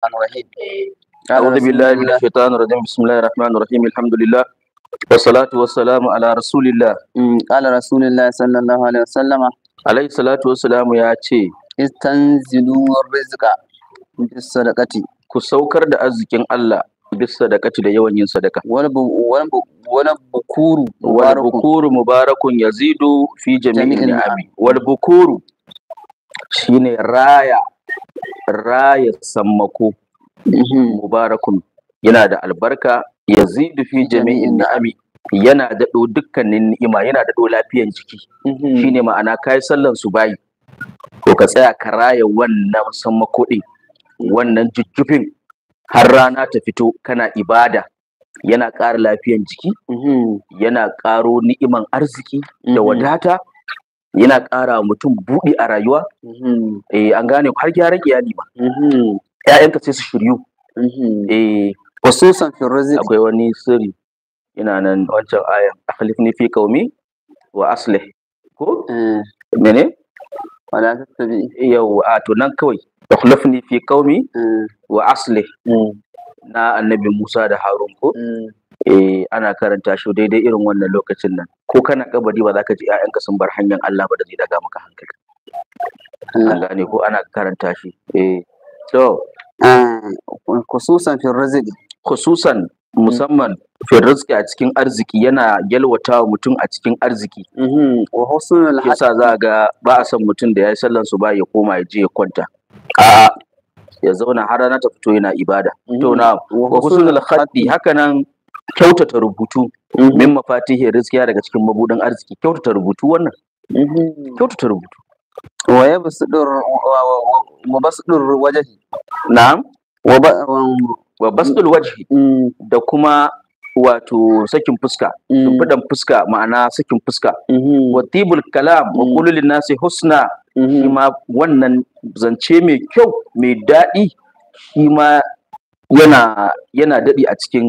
الرحمن الرحيم أعوذ بالله من الشيطان الرجيم بسم الله الرحمن الرحيم الحمد لله والصلاة والسلام على رسول الله قال رسول الله صلى الله عليه وسلم عليه الصلاة والسلام يا ce istanzilu rizqa ku saukar da arzikin Allah bis sadaqati da yawan yin sadaka wani mubarakun yazidu fi jami'in shine raya raya sammako mhm. mubarakun yana da albarka zidu fi jami'in na'ami yana daɗo dukkanin ni'ima yana daɗo lafiyan jiki mhm. shine ma'ana kai sallan su bayi to ka tsaya ka raya wannan sammako ɗin wannan jujjufin har rana ta fito kana ibada yana ƙara lafiyan jiki mhm. yana ƙaro ni'iman arziki da wadata yana ƙara mutum buɗi a rayuwa mm-hmm. eh an gane har gyaran iyali ba mm-hmm. ƴaƴanka sai su shiryu mm-hmm. eh khususan fi akwai wani sirri ina nan wancan ayan akhlifni fi qaumi wa aslih ko eh. mene wala tattabi yau a to nan kawai akhlifni fi qaumi eh. wa aslih mm. na annabi Musa da Harun ko mm. eh ana karanta shi daidai irin wannan lokacin nan ko kana kabari ba za ka ji ƴaƴanka sun bar hanyar Allah ba da zai daga maka hankali an gane ko ana karanta shi eh so ah, khususan fi rizqi khususan hmm. musamman fi rizqi a cikin arziki yana yalwata mutum a cikin arziki hmm, wa husnul yasa za ga ba a san mutum da ya sallan su ba ya koma ya je ya kwanta a ya zauna har rana ta fito yana ibada to hmm. na wa husnul khatti haka nan kyautata rubutu mhm. min mafatihi rizkiya daga cikin mabudin arziki kyautata rubutu wannan mhm. kyautata rubutu wa basudur wa basdur wajhi na'am wa basudur wajhi mm. da kuma wato sakin fuska mm. Fudan fuska ma'ana sakin fuska mhm. wa tibul kalam wa mm. qulul nasi husna shi ma wannan zance mai kyau mai daɗi shi ma yana daɗi a cikin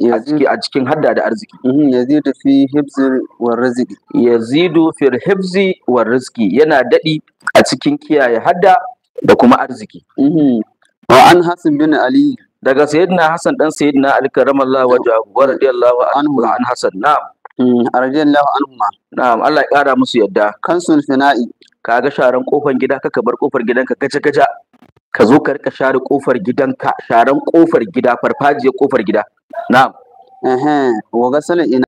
a cikin hadda da arziki mhm, yazidu fi hibzi wa riziki. yazidu fi hibzi wa riziki yana daɗi a cikin kiyaye hadda da kuma arziki mhm. wa an Hassan bin ali daga sayyidina Hassan ɗan sayyidina ali karamallahu wajhahu wa radiyallahu anhu an hasan na'am mhm, radiyallahu anhu na'am Allah ya kara musu yadda kansul fina'i kaga sharan kofar gida kaka bar kofar gidanka gaje gaje ka zo ka rika share kofar gidanka sharan kofar gida farfajiyar kofar gida na'am eh wa ina